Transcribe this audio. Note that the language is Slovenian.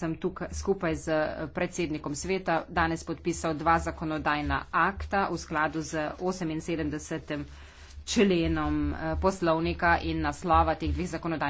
sem tukaj skupaj z eh, predsednikom sveta danes podpisal dva zakonodajna akta v skladu z 78. členom eh, poslovnika in naslova teh dveh zakonodajnih.